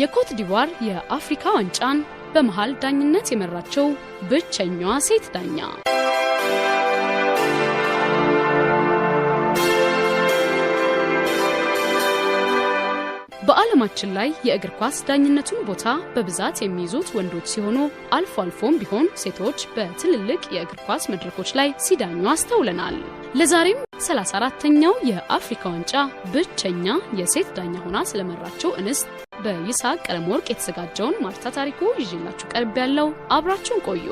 የኮት ዲቯር የአፍሪካ ዋንጫን በመሃል ዳኝነት የመራቸው ብቸኛዋ ሴት ዳኛ። በዓለማችን ላይ የእግር ኳስ ዳኝነቱን ቦታ በብዛት የሚይዙት ወንዶች ሲሆኑ አልፎ አልፎም ቢሆን ሴቶች በትልልቅ የእግር ኳስ መድረኮች ላይ ሲዳኙ አስተውለናል። ለዛሬም 34ተኛው የአፍሪካ ዋንጫ ብቸኛ የሴት ዳኛ ሆና ስለመራቸው እንስት በይስሐቅ ቀለም ወርቅ የተዘጋጀውን ማርታ ታሪኩ ይዤላችሁ ቀርብ ያለው አብራችሁን ቆዩ።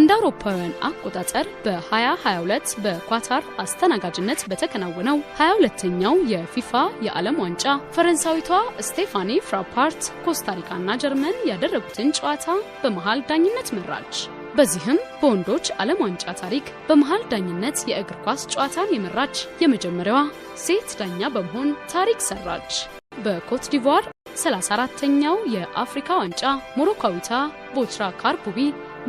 እንደ አውሮፓውያን አቆጣጠር በ2022 በኳታር አስተናጋጅነት በተከናወነው 22 ተኛው የፊፋ የዓለም ዋንጫ ፈረንሳዊቷ ስቴፋኒ ፍራፓርት ኮስታሪካና ጀርመን ያደረጉትን ጨዋታ በመሃል ዳኝነት መራች። በዚህም በወንዶች ዓለም ዋንጫ ታሪክ በመሃል ዳኝነት የእግር ኳስ ጨዋታን የመራች የመጀመሪያዋ ሴት ዳኛ በመሆን ታሪክ ሰራች። በኮት ዲቯር 34ተኛው የአፍሪካ ዋንጫ ሞሮካዊታ ቦትራ ካርቡቢ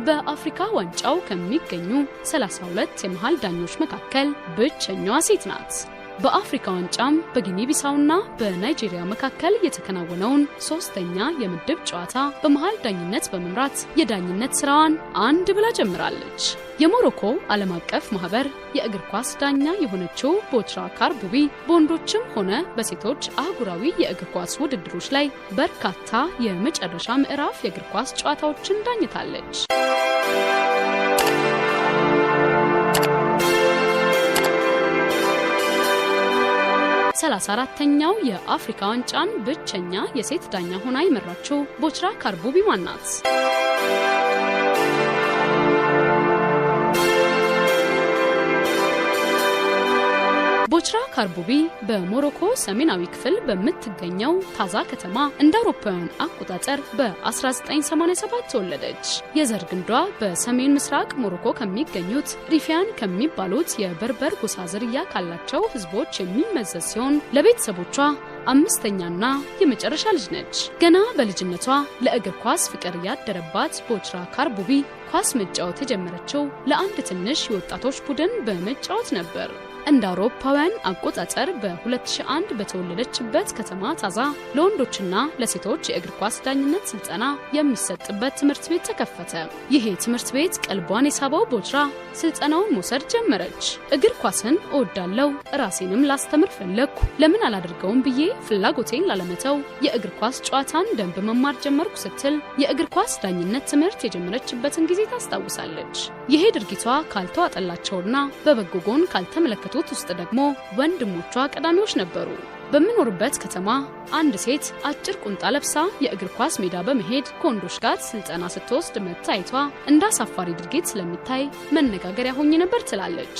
በአፍሪካ ዋንጫው ከሚገኙ 32 የመሃል ዳኞች መካከል ብቸኛዋ ሴት ናት። በአፍሪካ ዋንጫም በጊኒ ቢሳውና በናይጄሪያ መካከል የተከናወነውን ሶስተኛ የምድብ ጨዋታ በመሃል ዳኝነት በመምራት የዳኝነት ስራዋን አንድ ብላ ጀምራለች። የሞሮኮ ዓለም አቀፍ ማህበር የእግር ኳስ ዳኛ የሆነችው ቦትራ ካርቡቢ በወንዶችም ሆነ በሴቶች አህጉራዊ የእግር ኳስ ውድድሮች ላይ በርካታ የመጨረሻ ምዕራፍ የእግር ኳስ ጨዋታዎችን ዳኝታለች። 34ተኛው የአፍሪካ ዋንጫን ብቸኛ የሴት ዳኛ ሆና የመራችው ቦችራ ካርቦቢማን ናት። ቦችራ ካርቡቢ በሞሮኮ ሰሜናዊ ክፍል በምትገኘው ታዛ ከተማ እንደ አውሮፓውያን አቆጣጠር በ1987 ተወለደች። የዘር ግንዷ በሰሜን ምስራቅ ሞሮኮ ከሚገኙት ሪፊያን ከሚባሉት የበርበር ጎሳ ዝርያ ካላቸው ህዝቦች የሚመዘዝ ሲሆን ለቤተሰቦቿ አምስተኛና የመጨረሻ ልጅ ነች። ገና በልጅነቷ ለእግር ኳስ ፍቅር ያደረባት ቦችራ ካርቡቢ ኳስ መጫወት የጀመረችው ለአንድ ትንሽ የወጣቶች ቡድን በመጫወት ነበር። እንደ አውሮፓውያን አቆጣጠር በ2001 በተወለደችበት ከተማ ታዛ ለወንዶችና ለሴቶች የእግር ኳስ ዳኝነት ስልጠና የሚሰጥበት ትምህርት ቤት ተከፈተ። ይሄ ትምህርት ቤት ቀልቧን የሳበው ቦጅራ ስልጠናውን መውሰድ ጀመረች። እግር ኳስን እወዳለው፣ ራሴንም ላስተምር ፈለግኩ። ለምን አላደርገውም ብዬ ፍላጎቴን ላለመተው የእግር ኳስ ጨዋታን ደንብ መማር ጀመርኩ ስትል የእግር ኳስ ዳኝነት ትምህርት የጀመረችበትን ጊዜ ታስታውሳለች። ይሄ ድርጊቷ ካልተዋጠላቸውና በበጎ ጎን ካልተመለከቱ ከሚሸጡት ውስጥ ደግሞ ወንድሞቿ ቀዳሚዎች ነበሩ። በምኖርበት ከተማ አንድ ሴት አጭር ቁምጣ ለብሳ የእግር ኳስ ሜዳ በመሄድ ከወንዶች ጋር ስልጠና ስትወስድ መታየቷ እንደ አሳፋሪ ድርጊት ስለሚታይ መነጋገሪያ ሆኜ ነበር ትላለች።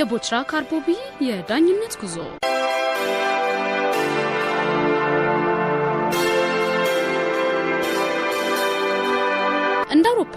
የቦችራ ካርቦቢ የዳኝነት ጉዞ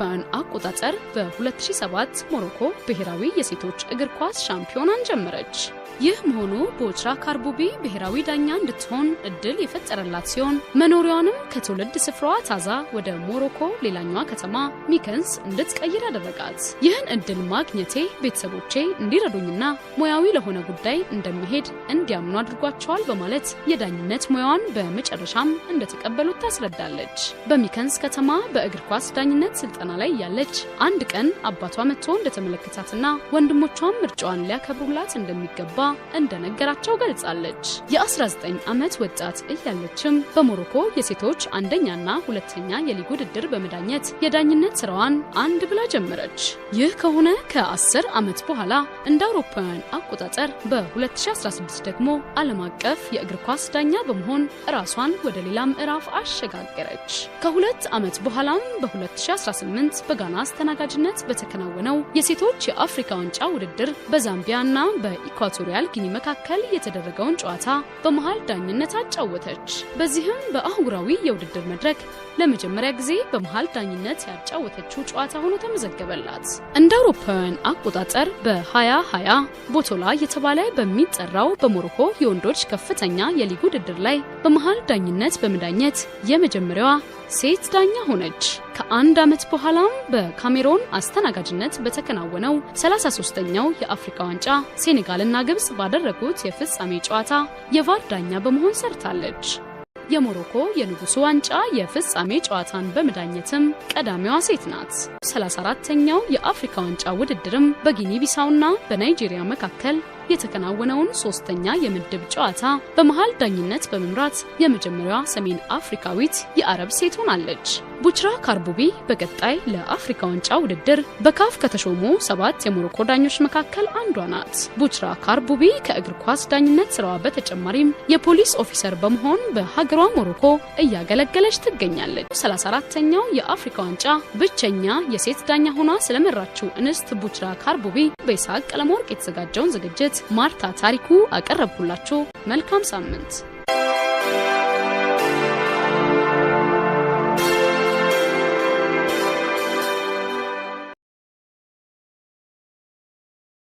አውሮፓውያን አቆጣጠር በ2007 ሞሮኮ ብሔራዊ የሴቶች እግር ኳስ ሻምፒዮናን ጀመረች። ይህ መሆኑ ቦችራ ካርቦቢ ብሔራዊ ዳኛ እንድትሆን እድል የፈጠረላት ሲሆን መኖሪያዋንም ከትውልድ ስፍራዋ ታዛ ወደ ሞሮኮ ሌላኛዋ ከተማ ሚከንስ እንድትቀይር ያደረጋት። ይህን እድል ማግኘቴ ቤተሰቦቼ እንዲረዱኝና ሙያዊ ለሆነ ጉዳይ እንደሚሄድ እንዲያምኑ አድርጓቸዋል በማለት የዳኝነት ሙያዋን በመጨረሻም እንደተቀበሉት ታስረዳለች። በሚከንስ ከተማ በእግር ኳስ ዳኝነት ስልጠና ላይ ያለች አንድ ቀን አባቷ መጥቶ እንደተመለከታትና ወንድሞቿም ምርጫዋን ሊያከብሩላት እንደሚገባ እንደነገራቸው ገልጻለች። የ19 ዓመት ወጣት እያለችም በሞሮኮ የሴቶች አንደኛና ሁለተኛ የሊግ ውድድር በመዳኘት የዳኝነት ስራዋን አንድ ብላ ጀመረች። ይህ ከሆነ ከ10 ዓመት በኋላ እንደ አውሮፓውያን አቆጣጠር በ2016 ደግሞ ዓለም አቀፍ የእግር ኳስ ዳኛ በመሆን ራሷን ወደ ሌላ ምዕራፍ አሸጋገረች። ከሁለት ዓመት በኋላም በ2018 በጋና አስተናጋጅነት በተከናወነው የሴቶች የአፍሪካ ዋንጫ ውድድር በዛምቢያ እና በኢኳቶሪያ ሴኔጋል ጊኒ መካከል የተደረገውን ጨዋታ በመሃል ዳኝነት አጫወተች። በዚህም በአህጉራዊ የውድድር መድረክ ለመጀመሪያ ጊዜ በመሃል ዳኝነት ያጫወተችው ጨዋታ ሆኖ ተመዘገበላት። እንደ አውሮፓውያን አቆጣጠር በ2020 ቦቶላ የተባለ በሚጠራው በሞሮኮ የወንዶች ከፍተኛ የሊግ ውድድር ላይ በመሃል ዳኝነት በመዳኘት የመጀመሪያዋ ሴት ዳኛ ሆነች። ከአንድ ዓመት በኋላም በካሜሮን አስተናጋጅነት በተከናወነው 33ኛው የአፍሪካ ዋንጫ ሴኔጋልና ግብፅ ባደረጉት የፍጻሜ ጨዋታ የቫር ዳኛ በመሆን ሰርታለች። የሞሮኮ የንጉሱ ዋንጫ የፍጻሜ ጨዋታን በመዳኘትም ቀዳሚዋ ሴት ናት። 34ተኛው የአፍሪካ ዋንጫ ውድድርም በጊኒ ቢሳውና በናይጄሪያ መካከል የተከናወነውን ሶስተኛ የምድብ ጨዋታ በመሃል ዳኝነት በመምራት የመጀመሪያዋ ሰሜን አፍሪካዊት የአረብ ሴት ሆናለች። ቡችራ ካርቡቢ በቀጣይ ለአፍሪካ ዋንጫ ውድድር በካፍ ከተሾሙ ሰባት የሞሮኮ ዳኞች መካከል አንዷ ናት። ቡችራ ካርቡቢ ከእግር ኳስ ዳኝነት ስራዋ በተጨማሪም የፖሊስ ኦፊሰር በመሆን በሀገሯ ሞሮኮ እያገለገለች ትገኛለች። 34ተኛው የአፍሪካ ዋንጫ ብቸኛ የሴት ዳኛ ሆኗ ስለመራችው እንስት ቡችራ ካርቡቢ በይስሐቅ ቀለመወርቅ የተዘጋጀውን ዝግጅት ማርታ ታሪኩ አቀረብኩላችሁ። መልካም ሳምንት